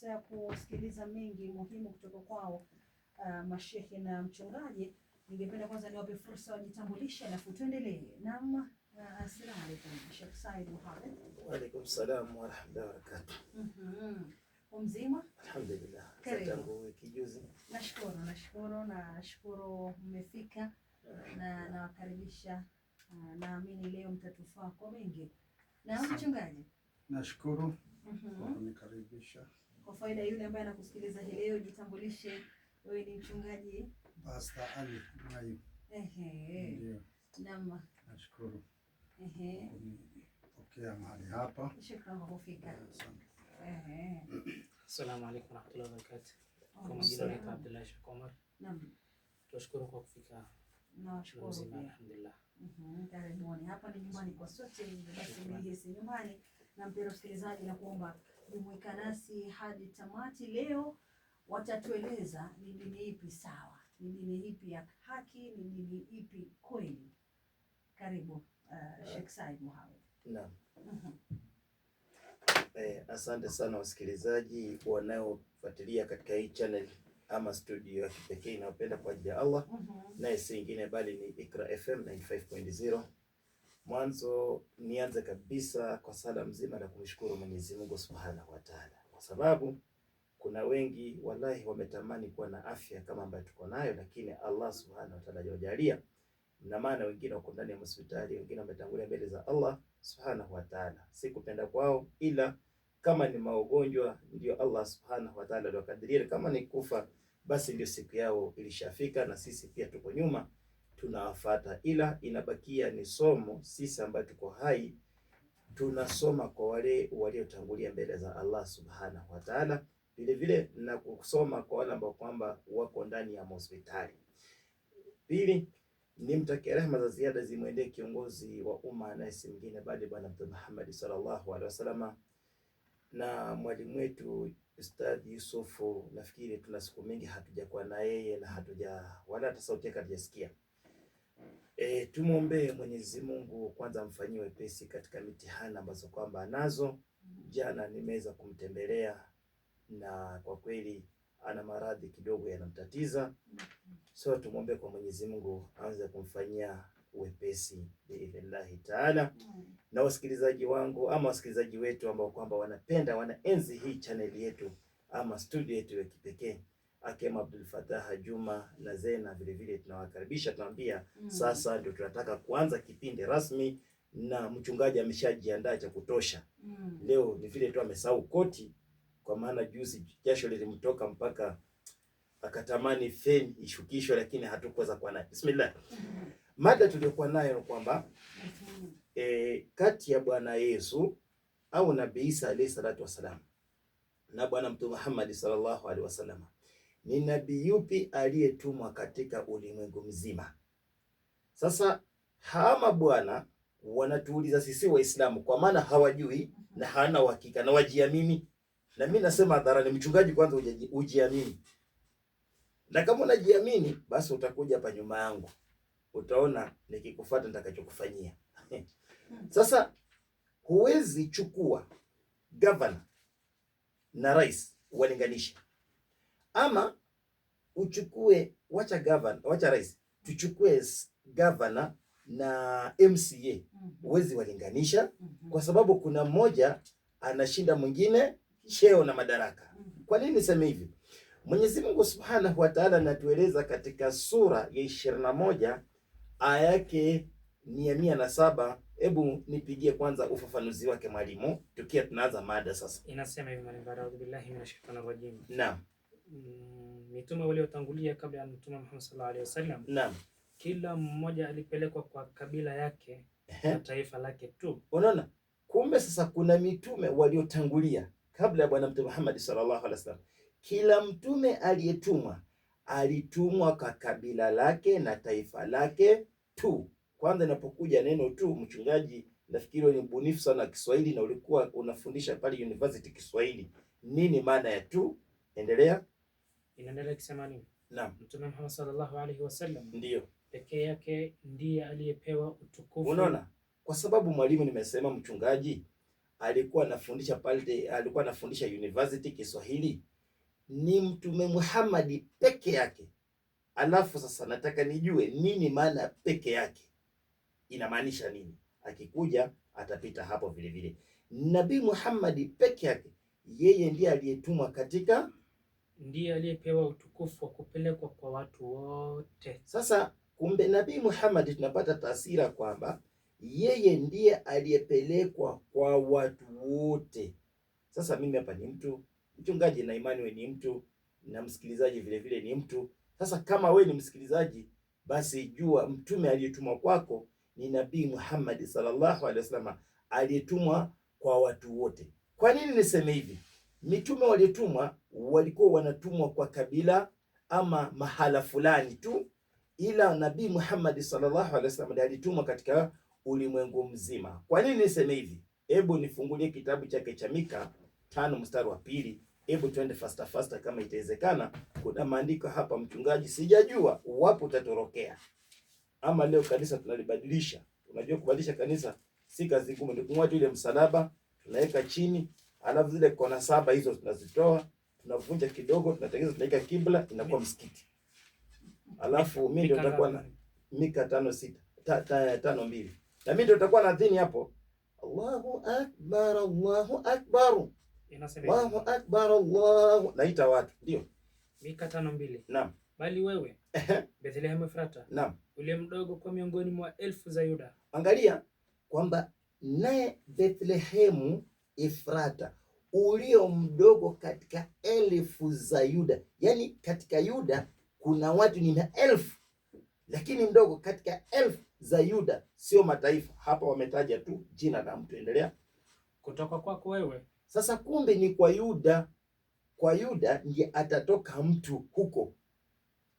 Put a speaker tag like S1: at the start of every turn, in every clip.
S1: fursa ya kusikiliza mengi muhimu kutoka kwao, uh, mashehe na mchungaji. Ningependa kwanza niwape fursa wajitambulishe, alafu tuendelee. Naam, uh, assalamu Sheikh Said
S2: Wa salaam wa rahmatullahi wa barakatuh.
S1: Mhm. Mzima?
S2: Alhamdulillah.
S1: Nashukuru, nashukuru, nashukuru mmefika na nawakaribisha. Uh, naamini leo mtatufaa kwa mengi. Na mchungaji?
S3: Nashukuru mm-hmm. kwa kunikaribisha.
S1: Kwa faida yule ambaye anakusikiliza hii leo, jitambulishe, wewe ni mchungaji?
S3: Pastor Ali Mwayib.
S1: Ehe, ndio. Naam, nashukuru. Ehe,
S3: pokea mahali hapa.
S1: Shukrani kwa kufika. Ehe,
S4: Asalamu alaykum wa rahmatullahi wa barakatuh. Kwa majina naitwa Abdullah Shakomar. Naam, tunashukuru kwa kufika. Nashukuru, alhamdulillah.
S1: Mhm. Karibuni, hapa ni nyumbani kwa sote, basi nihisi nyumbani. Na mpendwa msikilizaji, kuomba jumuika nasi hadi tamati. Leo watatueleza ni dini ipi sawa, ni dini ipi ya haki, ni dini ipi kweli. Karibu uh, Sheikh ah. Said Mohamed. Naam. Mm-hmm.
S2: Eh, asante sana wasikilizaji wanaofuatilia katika hii channel ama studio ya kipekee inayopenda kwa ajili ya Allah,
S1: mm-hmm. naye
S2: si ingine bali ni Iqra FM 95.0 Mwanzo nianze kabisa kwa sala mzima na kumshukuru Mwenyezi Mungu Subhanahu wa Ta'ala, kwa sababu kuna wengi wallahi wametamani kuwa na afya kama ambayo tuko nayo, lakini Allah Subhanahu wa Ta'ala hajawajalia. Na maana wengine wako ndani ya hospitali, wengine wametangulia mbele za Allah Subhanahu wa Ta'ala, si kupenda kwao, ila kama ni maugonjwa ndio Allah Subhanahu wa Ta'ala aliwakadiria, kama ni kufa basi ndio siku yao ilishafika, na sisi pia tuko nyuma tunawafata, ila inabakia ni somo sisi ambayo tuko hai tunasoma kwa wale waliotangulia mbele za Allah subhanahu wa ta'ala, vile vile na kusoma kwa wale ambao kwamba wako ndani ya hospitali. Pili ni mtakia rehema za ziada zimwendee kiongozi wa umma na si mwingine bali Bwana Mtume Muhammad sallallahu alaihi wasallam na mwalimu wetu Ustadh Yusufu. Nafikiri tuna siku mingi hatujakuwa na yeye na hatuja wala hata sauti yake hatujasikia. E, tumwombee Mwenyezi Mungu kwanza amfanyie wepesi katika mitihani ambazo kwamba anazo. Jana nimeweza kumtembelea na kwa kweli ana maradhi kidogo yanamtatiza, so tumwombee kwa Mwenyezi Mungu aanze kumfanyia wepesi biidhnillahi taala. Na wasikilizaji wangu ama wasikilizaji wetu ambao kwamba wanapenda wanaenzi hii chaneli yetu ama studio yetu ya kipekee Akem Abdul Fatah, Juma na Zena vile vile tunawakaribisha, tunaambia mm. Sasa ndio tunataka kuanza kipindi rasmi na mchungaji ameshajiandaa cha kutosha mm. Leo ni vile tu amesahau koti, kwa maana juzi jasho lilimtoka mpaka akatamani feni ishukishwe, lakini hatukuweza kuwa naye. Bismillah. Mm. Mada tuliyokuwa nayo ni kwamba e, kati ya Bwana Yesu au Nabii Isa alayhi salatu wasalam na Bwana Mtume Muhammad sallallahu alaihi wasallam ni nabii yupi aliyetumwa katika ulimwengu mzima? Sasa hawa bwana wanatuuliza sisi Waislamu kwa maana hawajui na hana uhakika na wajiamini, na mimi nasema hadharani, mchungaji, kwanza ujiamini, na kama unajiamini basi utakuja hapa nyuma yangu, utaona nikikufuata nitakachokufanyia. Sasa huwezi chukua gavana na rais walinganishe ama uchukue, wacha governor, wacha rais, tuchukue governor na MCA mhm. huwezi walinganisha, mhm. kwa sababu kuna mmoja anashinda mwingine cheo na madaraka. Mhm. Kwa nini niseme hivi? Mwenyezi Mungu Subhanahu wa Ta'ala anatueleza katika sura ya ishirini na moja aya yake ni ya mia na saba. Hebu nipigie kwanza ufafanuzi wake mwalimu, tukia tunaanza mada sasa.
S1: Inasema hivi, naam Mm, mitume waliotangulia kabla ya Mtume Muhammad sallallahu alaihi wasallam. Naam. Kila mmoja alipelekwa kwa kabila yake na taifa lake tu.
S2: Unaona? Kumbe sasa kuna mitume waliotangulia kabla ya bwana Mtume Muhammad sallallahu alaihi wasallam. Kila mtume aliyetumwa alitumwa kwa kabila lake na taifa lake tu. Kwanza inapokuja neno tu, mchungaji, nafikiri ni mbunifu sana Kiswahili na ulikuwa unafundisha pale university Kiswahili. Nini maana ya tu? Endelea.
S1: Inaendelea kusema nini? Naam. Mtume Muhammad sallallahu alaihi wasallam ndio pekee yake ndiye aliyepewa utukufu.
S2: Unaona, kwa sababu mwalimu, nimesema mchungaji alikuwa anafundisha pale, alikuwa anafundisha university Kiswahili ni Mtume Muhammad peke yake. Alafu sasa nataka nijue nini maana peke yake inamaanisha nini? Akikuja atapita hapo vile vile. Nabii Muhammad peke yake, yeye ndiye aliyetumwa katika
S1: ndiye aliyepewa utukufu wa kupelekwa kwa watu wote.
S2: Sasa kumbe Nabii Muhammad tunapata taswira kwamba yeye ndiye aliyepelekwa kwa watu wote. Sasa mimi hapa ni mtu mchungaji, na imani we ni mtu na msikilizaji vile vile ni mtu. Sasa kama we ni msikilizaji, basi jua mtume aliyetumwa kwako ni Nabii Muhammad sallallahu alaihi wasallam aliyetumwa kwa watu wote. Kwa nini niseme hivi? Mitume walitumwa, walikuwa wanatumwa kwa kabila ama mahala fulani tu, ila Nabii Muhammad sallallahu alaihi wasallam alitumwa katika ulimwengu mzima. Kwa nini niseme hivi? Hebu nifungulie kitabu chake cha Mika tano mstari wa pili. Hebu twende faster faster kama itawezekana. Kuna maandiko hapa, mchungaji, sijajua wapo utatorokea, ama leo kanisa tunalibadilisha. Unajua kubadilisha kanisa si kazi ngumu, ni kumwacha ile msalaba tunaweka chini alafu zile kona saba hizo tunazitoa, tunavunja kidogo, tunatengeneza, tunaweka kibla, inakuwa msikiti. Alafu mimi ndio nitakuwa na mika tano sita ta, ta, tano mbili na mimi ndio nitakuwa na dhini hapo, Allahu akbar Allahu akbar
S1: Allahu
S2: akbar Allahu, naita watu ndio
S1: mika tano mbili. Naam, bali wewe Bethlehem Efrata,
S2: naam, ule
S1: mdogo kwa miongoni mwa elfu za Yuda.
S2: Angalia kwamba naye Bethlehemu Efrata ulio mdogo katika elfu za Yuda. Yaani katika Yuda kuna watu ni maelfu, lakini mdogo katika elfu za Yuda, sio mataifa. Hapa wametaja tu jina la mtu. Endelea.
S1: Kutoka kwako wewe
S2: sasa. Kumbe ni kwa Yuda, kwa Yuda ndiye atatoka mtu huko,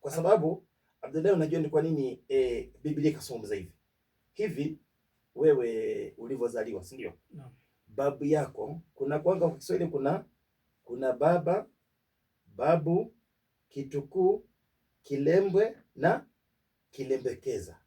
S2: kwa sababu Abdallah, unajua ni kwa nini e, Biblia ikazungumza hivi hivi, wewe ulivyozaliwa, si ndio? Naam babu yako. Kuna kwanga kwa Kiswahili kuna kuna baba, babu, kitukuu, kilembwe na kilembekeza.